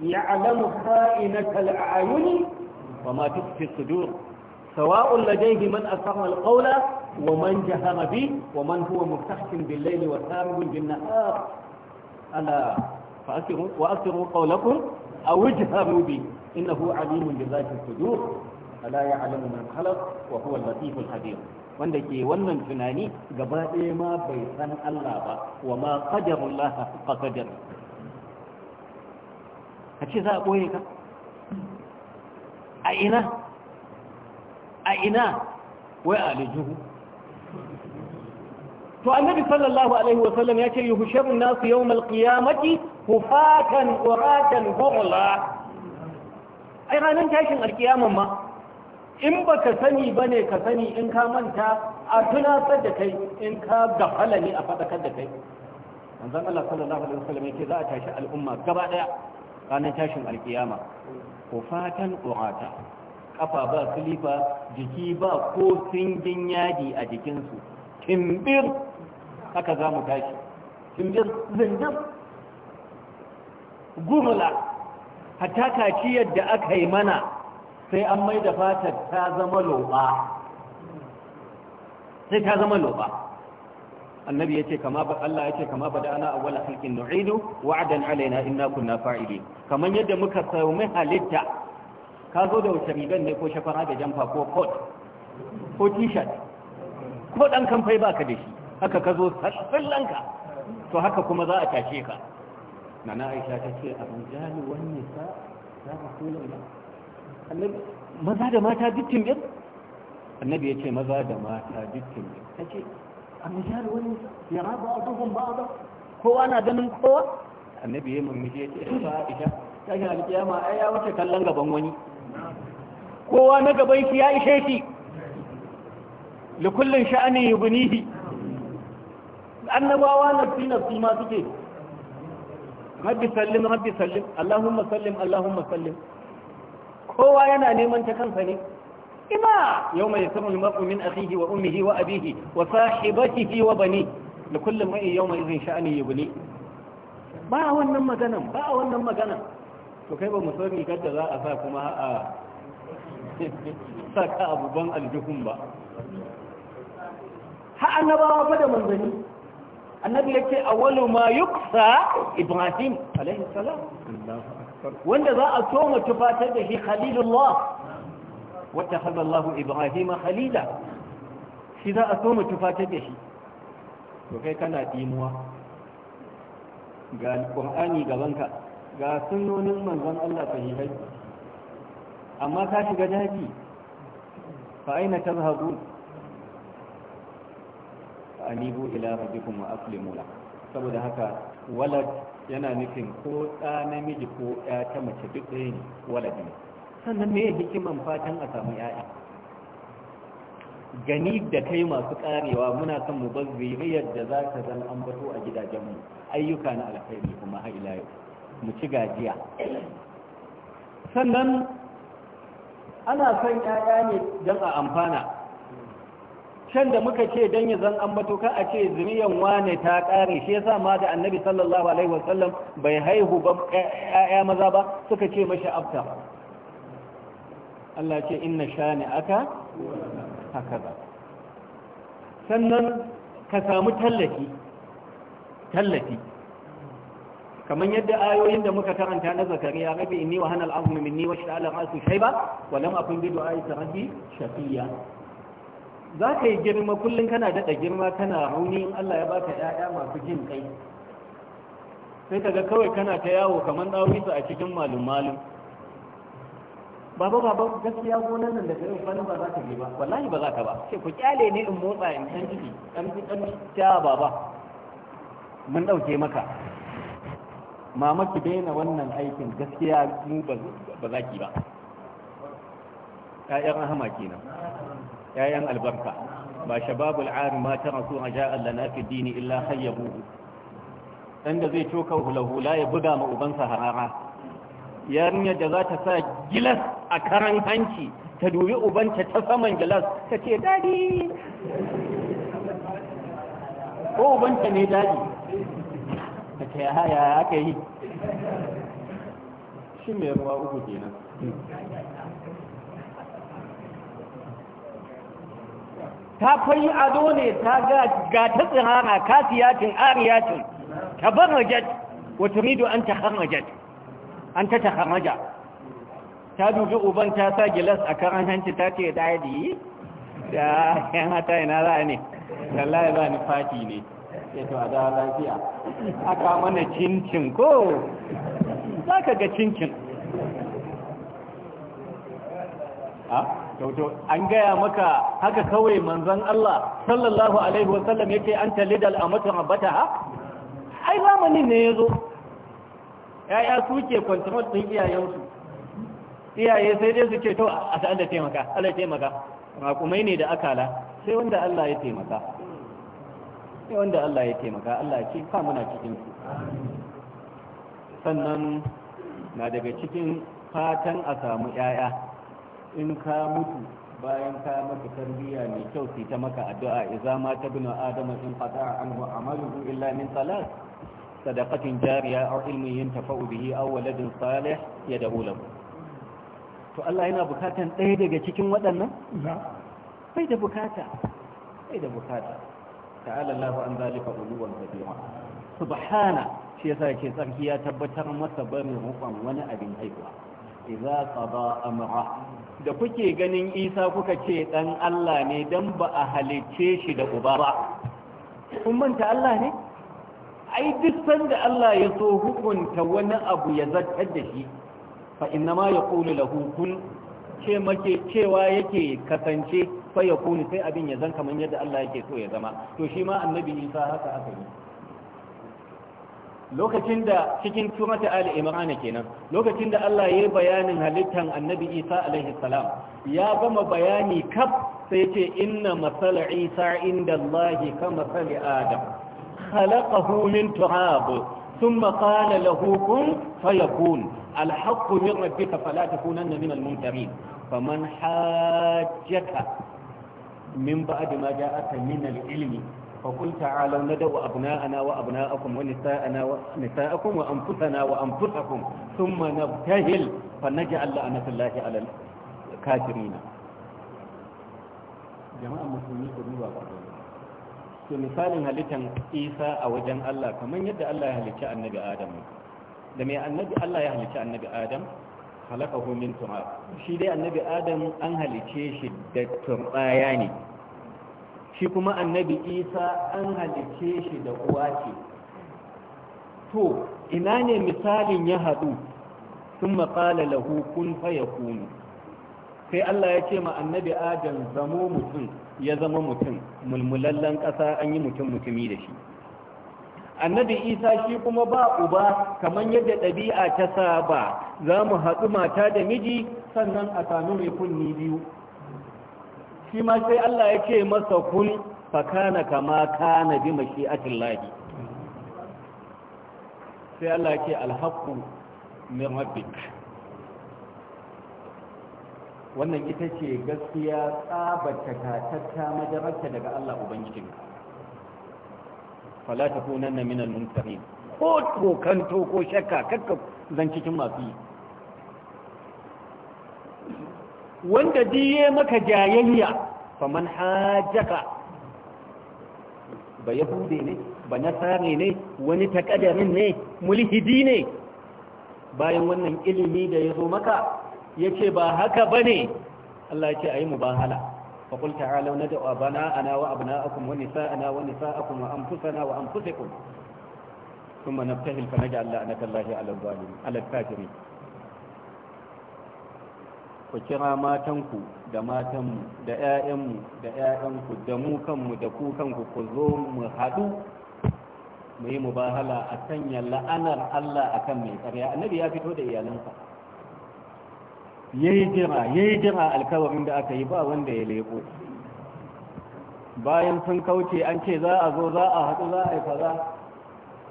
ya alamu ka'inatal a'yuni wa ma tukfi sudur sawa'un ladayhi man asama alqawla wa man jahara wa man ala أو اجهروا به إنه عليم بذات الصدور ألا يعلم من خلق وهو اللطيف الخبير wanda ke wannan tunani gaba ɗaya ma bai san Allah ba wa ma qadarullah haqqa qadar a ce za a ɓoye ka a ina a ina wai a aljuhu to annabi sallallahu alaihi wa sallam ya ce yuhsharu an-nasu yawm al kufatan uratan bughla ai ranar tashin alkiyaman ma in ba ka sani ba ne ka sani in ka manta a tunatar da kai in ka gafala ne a faɗakar da kai manzon Allah sallallahu alaihi wasallam yake za a tashi al'umma gaba daya ranar tashin alkiyama kufatan urata kafa ba silifa jiki ba ko singin yadi a jikinsu timbir haka za mu tashi timbir zindir gurla hatta kaciyar da aka yi mana sai an mai da fatar ta zama loba sai ta zama loba annabi ya ce, kama ba Allah yace kama ba da ana a awwala halqin nu'idu wa'dan alaina inna kunna fa'ilin kamar yadda muka saumi halitta ka zo da wuce rigan ne ko shafara da jamfa ko coat ko t-shirt ko dan kamfai baka da shi haka ka zo sallanka to haka kuma za a tashe ka nana aisha ta ce a wani annabi maza da mata duk timbir annabi ya ce maza da mata duk timbir ta ce a rijali wani nisa ya raba a duhun ba ba kowa na ganin kowa annabi ya ba aisha ta shi ai ya wuce kallon gaban wani kowa na gaban shi ya ishe shi likullin sha'ani yubnihi annabawa nafsi nafsi ma suke rabbi sallim rabbi sallim allahumma sallim allahumma sallim kowa yana neman ta kansa ne ima yawma yasmu al-mar'u min akhihi wa ummihi wa abihi wa sahibatihi wa bani da kullum mai yawma idhin sha'ani yubni ba wannan maganan ba wannan maganan to kai ba mu san rigar za a sa kuma a saka abuban aljuhun ba ha annabawa fa da manzanni annabi ya ce awwalu ma yuksa ibrahim alaihi salam wanda za a toma tufatar da shi khalilullah wata halallahu ibrahim khalila shi za a toma tufatar da shi to kai kana dimuwa ga qur'ani gabanka ga sunnonin manzan Allah sahihai amma ka shiga daji fa aina tazhabun anibu ila rabbikum wa aslimu la saboda haka walad yana nufin ko ɗa namiji ko ɗa ta mace duk ɗaya ne walad ne sannan me hikiman fatan a samu ƴaƴa gani da kai masu karewa muna son mu bar zuriyar da za ta zan ambato a gidajenmu ayyuka na alkhairi kuma har ila yau mu ci gajiya sannan ana son ƴaƴa ne don a amfana can da muka ce dan ya zan an ka a ce zuriyan wane ta kare shi yasa ma da annabi sallallahu alaihi wasallam bai haihu ba ya maza ba suka ce mashi abta Allah ce inna shani aka haka ba sannan ka samu tallafi tallafi kamar yadda ayoyin da muka karanta na zakariya rabbi inni wa hanal azmi minni wa sha'ala ra'su shayba wa lam akun bi du'a'i rabbi shafiya za ka yi girma kullum kana daɗa girma kana rauni in Allah ya baka ‘ya'ya masu jin kai sai ka ga kawai kana ta yawo kamar su a cikin malum-malum baba baba gaskiya gonar nan da garin fani ba za ka ba wallahi ba za ka ba sai ku kyale ne in motsa in ɗan jiki ɗan ji ɗan ta baba mun ɗauke maka mama ki daina wannan aikin gaskiya mu ba za ki ba ƴaƴan rahama kenan yayan albarka ba shababul arim ma ta rasu a ja'an lana fi dini illa hayyabu dan da zai coka hula-hula ya buga ma ubansa harara yarinyar da za ta sa gilas a karan hanci ta dubi ubanta ta saman gilas ta ce dadi ko ubanta ne daɗi? ta ce haya aka yi shi mai ruwa uku kenan ta fayi ado ne ta ga ta tsirara kasiyatin ariyatin ta barajat wata rido an ta harajat an ta ta haraja ta dubi uban ta sa gilas a karan hanci ta ce da yi da yan hata ina za ne wallahi ba ni fati ne ya to a da lafiya aka mana cincin ko za ka ga cincin ha ah? to an gaya maka haka kawai manzon Allah sallallahu alaihi wasallam yake an talidal amatu abataha ai zamanin ne yazo yaya suke control din iyayensu iyaye sai dai suke to a san da taimaka Allah taimaka kuma ne da akala sai wanda Allah ya taimaka sai wanda Allah ya taimaka Allah ya ce muna cikin su sannan na daga cikin fatan a samu 'ya'ya in ka mutu bayan ka mata tarbiyya mai kyau sai ta maka addu'a idza ma tabnu adama in qata'a anhu amaluhu illa min salat sadaqatin jariya aw ilmin yantafa'u bihi aw waladin salih yad'u lahu to Allah yana bukatan ɗaya daga cikin waɗannan bai da bukata bai da bukata ta'ala Allahu an zalika uluwan kabira subhana shi yasa yake tsarki ya tabbatar masa barin rukun wani abin haihuwa idza qada amra da kuke ganin isa kuka ce ɗan Allah ne don ba a halicce shi da uba ba kun manta Allah ne ai duk sanda Allah ya so hukunta wani abu ya zartar da shi fa inna ma ya kulu lahu kun ce make cewa yake kasance fa ya kulu sai abin ya zan kamar yadda Allah yake so ya zama to shi ma annabi isa haka aka yi lokacin da cikin surata ali imrana kenan lokacin da Allah ya yi bayanin halittan annabi Isa alaihi salam ya gama bayani kaf sai ce inna masala Isa inda Allah ka sali Adam khalaqahu min turab thumma qala lahu kun fayakun الحق من ربك فلا تكونن من الممترين فمن حاجك من بعد ما جاءك من العلم فقل تعالوا ندعو أبناءنا وأبناءكم ونساءنا ونساءكم وأنفسنا وأنفسكم ثم نبتهل فنجعل لعنة الله على Musulmi جماعة مسلمين كذوبا to misalin halittan isa a wajen Allah kaman yadda Allah ya halicci annabi Adam da mai annabi Allah ya halicci annabi Adam halakahu min turab shi dai annabi Adam an halicce shi da Baya ne shi kuma annabi isa an halice shi da uwa ce to ina ne misalin ya haɗu sun maƙala lahu kun faya kunu sai Allah ya ce ma annabi adam zamo mutum ya zama mutum mulmulallen ƙasa an yi mutum mutumi da shi annabi isa shi kuma ba uba kamar yadda ɗabi'a ta saba za mu haɗu mata da miji sannan a sami mai kunni biyu shi ma sai Allah ya ce masa kun fakana kama kana bi mashi'atin lahi sai Allah ya ce alhaqqu min rabbik wannan ita ce gaskiya tsabata ta madararta daga Allah ubangijin fala ta takunanna minal mumtarin ko tokanto ko shakka kakka zan cikin masu yi wanda diye maka jayayya faman hajjaka ba ya bude ne ba nasare ne wani takadarin ne mulhidi ne bayan wannan ilimi da ya zo maka ya ce ba haka ba ne Allah ya ce a yi mu ba hala faƙul ta'ala na da abana ana wa abu abana akun wani sa'ana wani sa'akun wa an amfusana wa an sun manafta Kuma na fahimta na ga Allah na kallahi alal kafiri ku kira matanku da matanmu da 'ya'yanmu da 'ya'yanku da mu kanmu da ku kanku ku zo mu haɗu mu yi mubahala a sanya la'anar Allah akan mai tsariya annabi ya fito da iyalansa yayi jira yayi jira alkawarin da aka yi ba wanda ya leko bayan sun kauce an ce za a zo za a haɗu za a yi kaza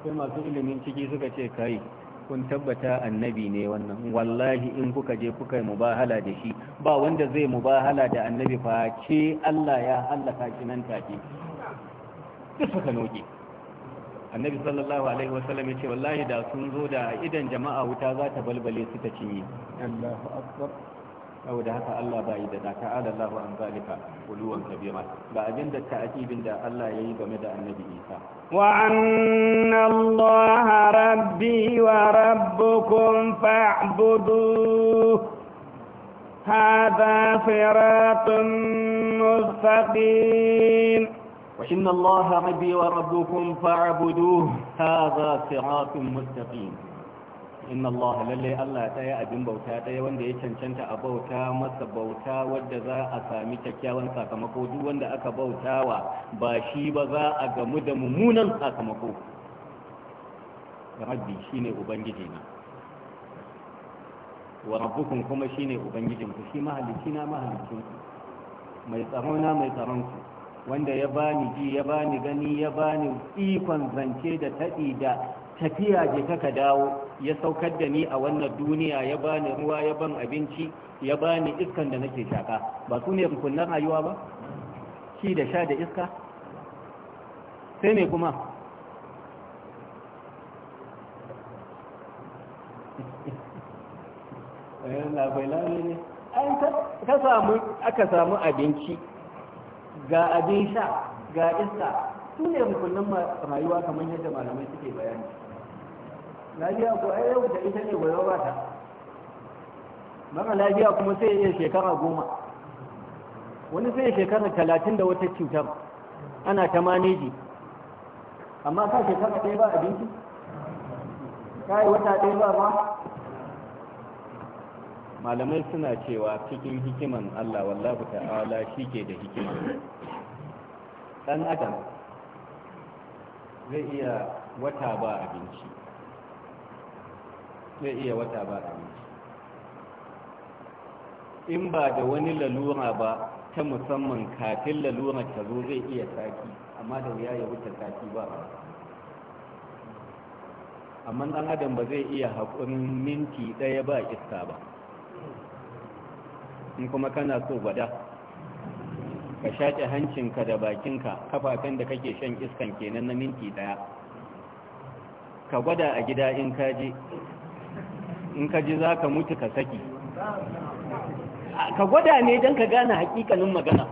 sai masu ilimin ciki suka ce kai kun tabbata annabi ne wannan wallahi in kuka je kuka yi mubahala da shi ba wanda zai mubahala da annabi fa. face Allah ya hallaka shi nan take duk suka noke annabi sallallahu alaihi wasallam ya ce wallahi da sun zo da idan jama'a wuta za ta balbale su ta cinye Allahu akbar saboda haka Allah ba yi da daka adallahu an zalika uluwan kabira ba abin da ta ajibin da Allah ya yi game da annabi Isa wa anna Allah rabbi wa rabbukum fa'budu هذا صراط مستقيم وإن الله ربي وربكم فاعبدوه هذا صراط مستقيم inna Allah lalle Allah ta yi abin bauta ɗaya wanda ya cancanta a bauta masa bauta wadda za a sami kyakkyawan sakamako duk wanda aka bautawa ba shi ba za a gamu da mummunan sakamako rabbi shine ubangiji na. wa rabbukum kuma shine ubangijin ku shi mahalicci na mahalicci. mai tsaro na mai tsaron ku wanda ya bani ji ya bani gani ya bani ikon zance da taɗi da tafiya je ka dawo ya saukar da ni a wannan duniya ya bani ruwa ya ban abinci ya bani iskan da nake shaka ba su ne rukunan rayuwa ba ci da sha da iska sai eh, ne kuma aka samu abinci ga abin sha ga iska su ne rukunan rayuwa kamar yadda malamai suke bayani lafiya ko ai yau da ita ne gobe ba ta mara lafiya kuma sai ya shekara goma wani sai shekara talatin da wata cutar ana ta maneji amma ka shekara ɗaya ba abinci ka yi wata ɗaya ba ba malamai suna cewa cikin hikiman Allah wallahu ta'ala shi ke da hikima ɗan adam zai iya wata ba abinci zai iya wata ba in ba da wani lalura ba ta musamman kafin lalura ta zo zai iya saki amma da wuya ya wuce saki ba amma dan adam ba zai iya haƙurin minti ɗaya ba iska ba in kuma kana so gwada ka shaƙe hancinka da bakinka kafafen da kake shan iskan kenan na minti ɗaya ka gwada a gida in kaji in ka ji za ka mutu ka saki ka gwada ne don ka gane hakikalin magana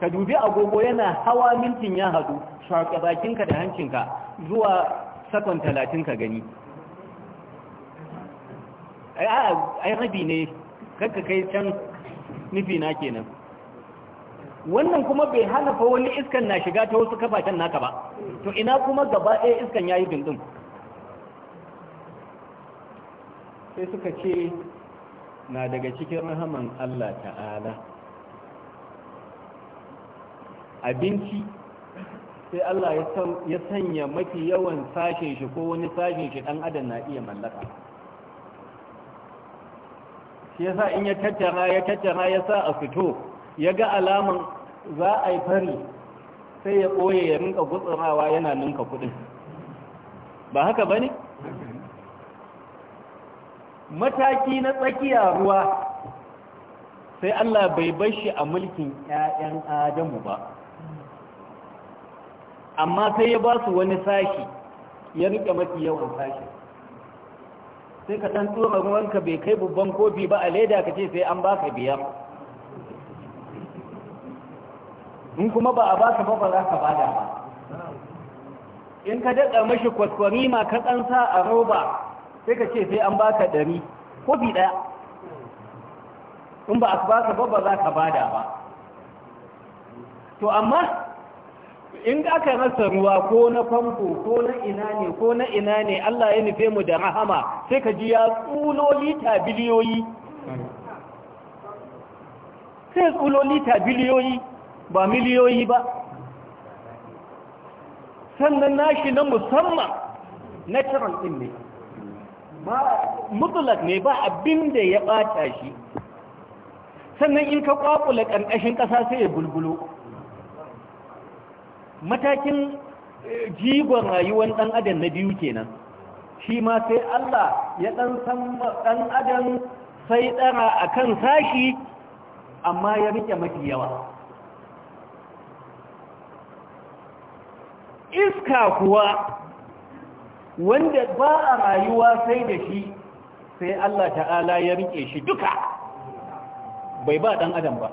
ka dubi agogo yana hawa mintin ya hadu shaƙa bakinka da hancinka zuwa sakon talatin ka gani ai rabi ne kakka kai can nufi na kenan wannan kuma bai hana fa wani iskan na shiga ta wasu kafafen naka ba to ina kuma gaba ɗaya iskan ya yi dindin sai suka ce na daga cikin rahaman Allah ta'ala abinci sai Allah ya sanya mafi yawan sashen shi ko wani sashen shi ɗan adam na iya mallaka shi yasa in ya tattara ya tattara ya sa a fito ya ga alaman za a yi fari sai ya ɓoye ya rinka gutsurawa yana ninka kuɗin ba haka ba ne? mataki na tsakiya ruwa sai Allah bai bar shi a mulkin ‘ya'yan Adamu ba amma sai ya ba su wani sashi ya rike mafi yawan sashi sai ka ɗan tsoron ruwanka bai kai babban kofi ba a leda ka ce sai an baka biyar in kuma ba a baka ka ba za ka bada ba in ka daɗa mashi ma ka ɗansa a roba sai ka ce sai an baka ɗari ko kofi ɗaya in ba a baka ba ba za ka bada ba to amma in aka rasa ruwa ko na famfo ko na ina ne ko na ina ne Allah ya nufe mu da rahama sai ka ji ya tsulo lita biliyoyi sai tsulo lita biliyoyi ba miliyoyi ba sannan nashi na musamman natural ɗin ne mutulak ne ba abin da ya ɓata shi sannan in ka kwakula ƙarƙashin ƙasa sai ya bulbulo matakin eh, jigon rayuwar ɗan adam na biyu kenan shi ma sai Allah ya ɗan san ɗan adam sai ɗara a sashi amma ya rike mafi yawa iska kuwa wanda ba a rayuwa sai da shi sai Allah ta'ala ya rike shi duka bai ba dan adam ba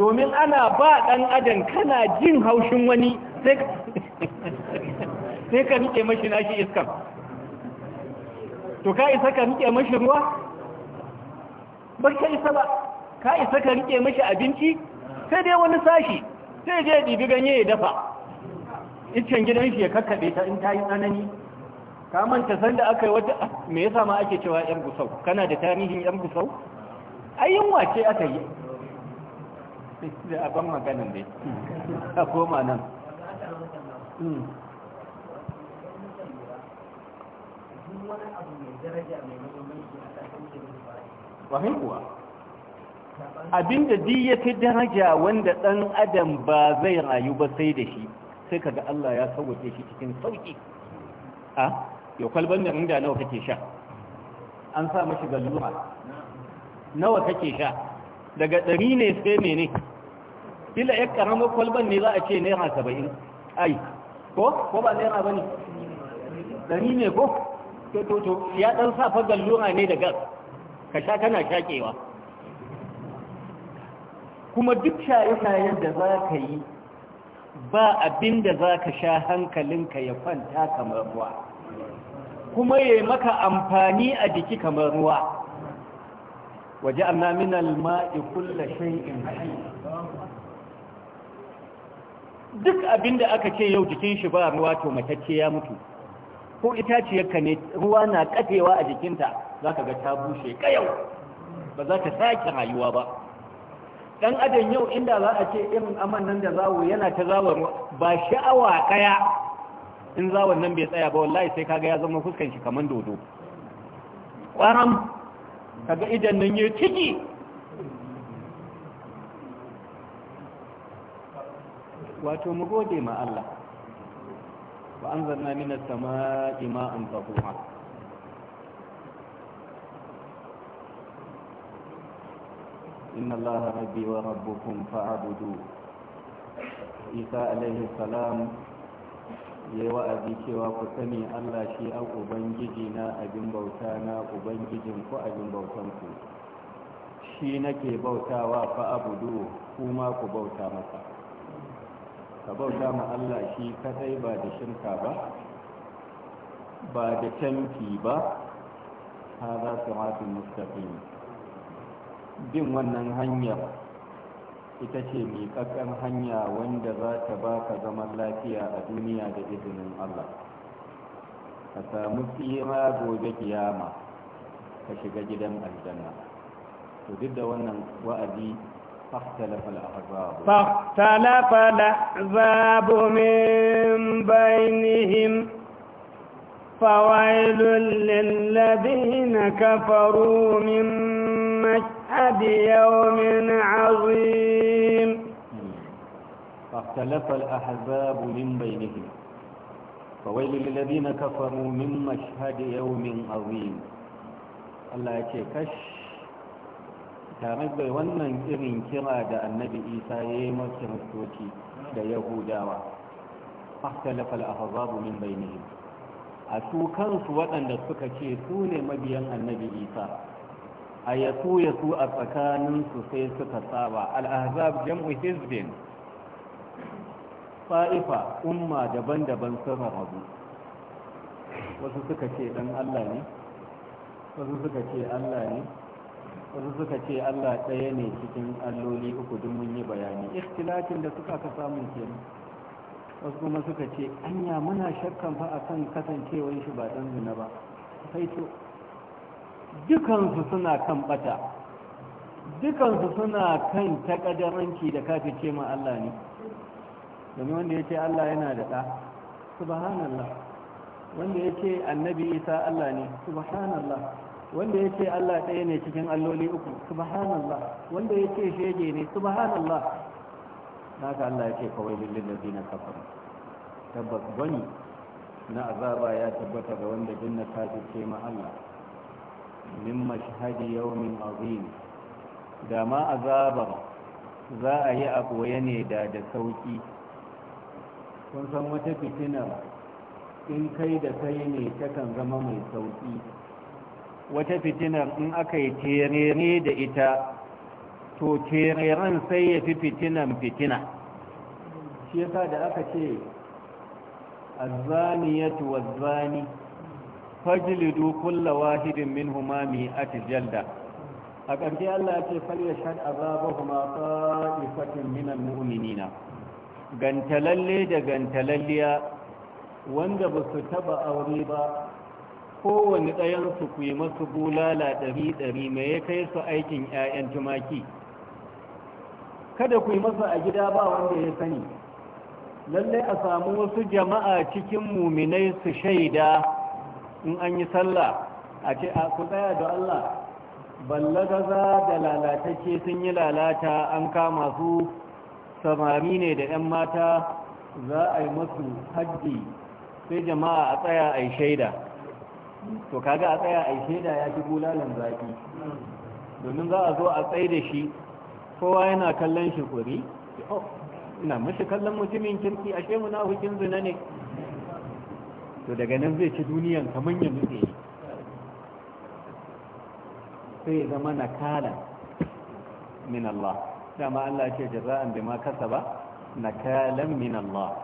domin ana ba dan adam kana jin haushin wani sai ka rike mashi nashi iskar to ka isa ka rike mashi ruwa ba ka isa ba ka isa ka rike mashi abinci sai dai wani sashi sai je dibi ganye ya dafa iccen gidan shi ya kakkaɓe ta in ta yi tsanani ka manta sanda aka yi wata me yasa ma ake cewa yar gusau kana da tarihin yar gusau ayyin wace aka yi da abin maganin dai a koma nan hmm. wahin kuwa abinda duk ya fi daraja wanda ɗan adam ba zai rayu ba sai da shi sai kaga Allah ya sauke shi cikin sauki a yau kwalban nan inda nawa kake sha an sa mashi galluma nawa kake sha daga ɗari ne sai mene kila ya karama kwalban ne za a ce naira saba'in ai ko ko ba naira ba ne ɗari ne ko to to to ya ɗan sa fa galluma ne da gas ka sha kana shakewa kuma duk shaye-shayen da za ka yi ba abin da za ka sha hankalinka ya kwanta kamar ruwa kuma ya maka amfani a jiki kamar ruwa waje an min alma'i kulla shay'in hayy duk abin da aka ce yau jikin shi ba ruwa to matacce ya mutu ko itaciyarka ne ruwa na kafewa a jikinta za ka ga ta bushe kayau ba za ta sake rayuwa ba dan adam yau inda za a ce irin aman nan da zawo yana ta zawo ba sha'awa kaya in zawon nan bai tsaya ba wallahi sai kaga ya zama fuskan shi kaman dodo kwaram kaga idan nan ya ciki wato mu gode ma Allah wa anzalna minas sama'i ma'an tahura إن الله ربي وربكم فاعبدوه isa alaihi salam ya yi wa'azi cewa ku sani allah shi an ubangiji na abin bauta na ubangijin ku abin bautanku shi nake bautawa fa abudu kuma ku bauta masa ka bauta ma allah shi kadai ba da shirka ba ba da canki ba ha za su mustafi bin wannan hanyar ita ce mai miƙaƙƙen hanya wanda za ta ba ka zaman lafiya a duniya da izinin Allah ka samu tsira gobe kiyama ka shiga gidan aljanna to duk da wannan wa'azi فاختلف الأحزاب فاختلف الأحزاب من بينهم فويل للذين كفروا من مكة بيوم عظيم فاختلف الأحزاب من بينهم فويل للذين كفروا من مشهد يوم عظيم الله يتكش tare da wannan irin kira da annabi isa ya yi makiristoci da yahudawa fahtalafal ahzabu min bainihim a su kansu waɗanda suka ce sune mabiyan annabi isa a yasu yasu a tsakaninsu sai suka saba al'ahzab jam'u hizbin fa'ifa umma daban-daban sun rabu wasu suka ce dan Allah ne wasu suka ce Allah ne wasu suka ce Allah ɗaya ne cikin alloli uku duk mun yi bayani ikhtilafin da suka ka samu kenan wasu kuma suka ce anya muna shakkan fa akan kasancewar shi ba dan zina ba sai to dukansu suna kan bata dukansu suna kan takadaranci da kafi ce ma Allah ne domin wanda ya ce Allah yana da ɗa subhanallah wanda ya ce annabi isa Allah ne subhanallah wanda ya ce Allah ɗaya ne cikin alloli uku subhanallah wanda ya ce shege ne subhanallah ka Allah ya ce kawai lullun da zina kafar tabbas bani na azaba ya tabbata ga wanda jinna ta ce ma Allah min mashhadi yawmin azim da ma azabar za a yi a koya ne da da sauki kun san wata fitinar in kai da kai ne takan zama mai sauki wata fitinar in aka yi terere da ita to tereren sai ya fi fitinan fitina shi yasa da aka ce azzaniyatu wazzani fajlidu kulla wahidin minhuma mi'ati jalda a ƙarshe Allah ya ce falyashhad azabahuma ta'ifatun minal mu'minina gantalalle da gantalalliya wanda ba su taba aure ba kowane ɗayan su ku yi masu bulala ɗari-ɗari mai ya kai su aikin 'ya'yan tumaki kada ku yi masa a gida ba wanda ya sani lallai a samu wasu jama'a cikin muminai su shaida in an yi sallah a ce a ku tsaya da Allah za da lalatacce sun yi lalata an kama su samari ne da 'yan mata za a yi masu hajji sai jama'a a tsaya a shaida to kaga a tsaya a shaida ya fi bulalan zaki domin za a zo a tsaye da shi kowa yana kallon shi kuri oh, ina mashi kallon mutumin kirki ashe munafikin zina ne to daga nan zai ci duniyan kamar ya nutse sai zama nakalan min Allah dama Allah ce jaza'an bima kasaba nakalan min Allah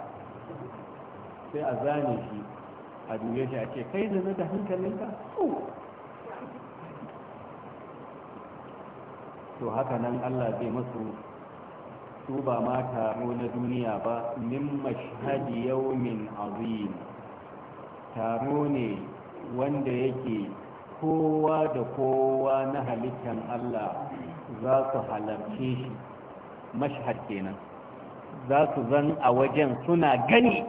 sai a zane shi a duniya shi a ce kai zane da ka? to haka nan Allah zai masu su ba ma taro na duniya ba min mashhadi yawmin azim taro ne wanda yake kowa da kowa na halittar Allah za su halarce shi mashahad kenan za su zan a wajen suna gani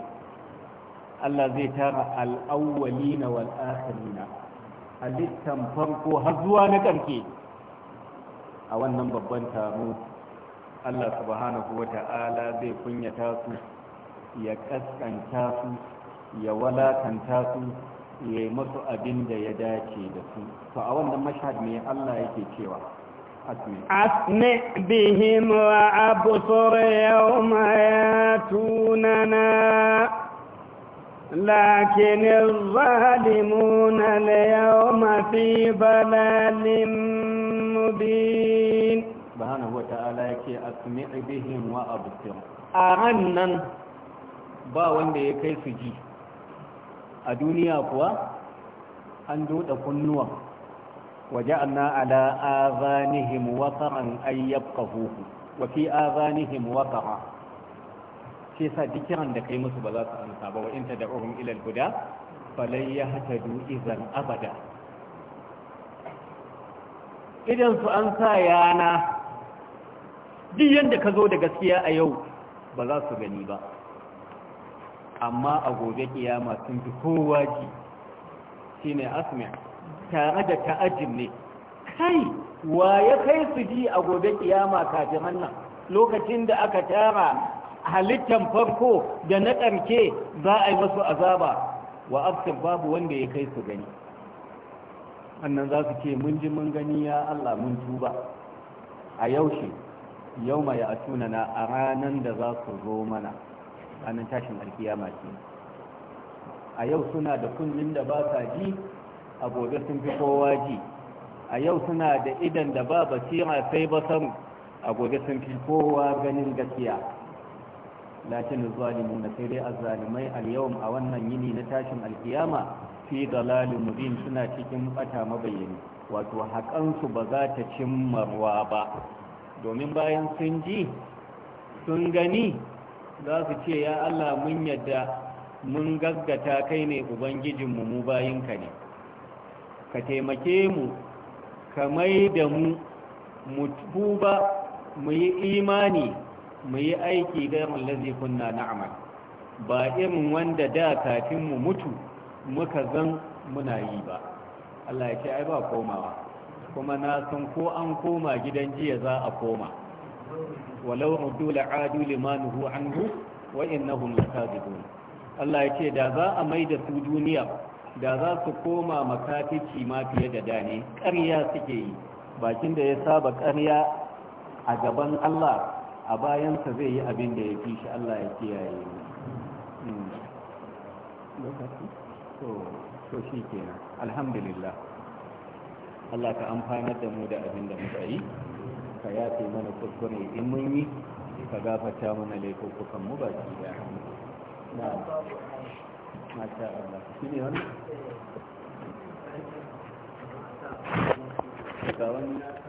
Allah zai tara al'awwali na na. halittan farko har zuwa na ƙarke a wannan babban taro Allah subhanahu wa ta'ala zai kunyata su ya ƙasƙanta su ya walakanta su ya yi masu abin da ya dace da su to a wannan mashahad ne Allah yake cewa asne bihim wa absur yawma yatunana لكن الظالمون اليوم في بلال مبين سبحانه وتعالى يكي أسمع ba wanda ya kai su ji. a duniya kuwa an doda kunnuwa waje anna ala azanihim waqaran ay yafqahuhu a fi azanihim waqara shi sa dikiran da kai musu ba za su amsa ba wa da tad'uhum ilal guda, huda ya yahtadu idan abada idan su an sa yana duk da ka zo da gaskiya a yau ba za su gani ba amma a gobe kiyama sun fi kowa ji shi ne asmiya tare da ta'ajin ne kai wa ya kai su ji a gobe kiyama kafin nan lokacin da aka tara halittan farko da na ƙarke za a yi masu azaba wa absir babu wanda ya kai su gani annan za su ce mun ji mun gani ya Allah mun tuba a yaushe yau mai a tunana a ranar da za su zo mana tsakanin tashin alkiyama ce a yau suna da kunnin da ba sa ji a gobe sun fi kowa ji a yau suna da idan da ba basira sai ba basan a gobe sun fi kowa ganin gaskiya lakin zalimu na sai dai azzalimai a a wannan yini na tashin alkiyama fi dalalin mubin suna cikin bata mabayyani wato haƙansu ba za ta cimma ruwa ba domin bayan sun ji sun gani za su ce ya Allah mun yadda mun gaggata kai ne ubangijinmu mu bayinka ne ka taimake mu ka mai da mu mu ba mu yi imani mu yi aiki da mallazi kunna na'amal ba irin wanda da kafin mu mutu muka zan muna yi ba Allah ya ce ai ba komawa kuma na san ko an koma gidan jiya za a koma walau ruddu la'adu limanuhu anhu wa innahum lakadibun Allah ya ce da za a mai da su duniya da za su koma makafici ma fiye da dane karya suke yi bakin da ya saba karya a gaban Allah a bayansa zai yi abin da ya fi shi Allah ya kiyaye hmm. shi alhamdulillah Allah ka da mu da abin da muka yi ka yafe mana kuskure in mun yi ka gafata mana laifukan mu baki na masha Allah shi ne wani ga wani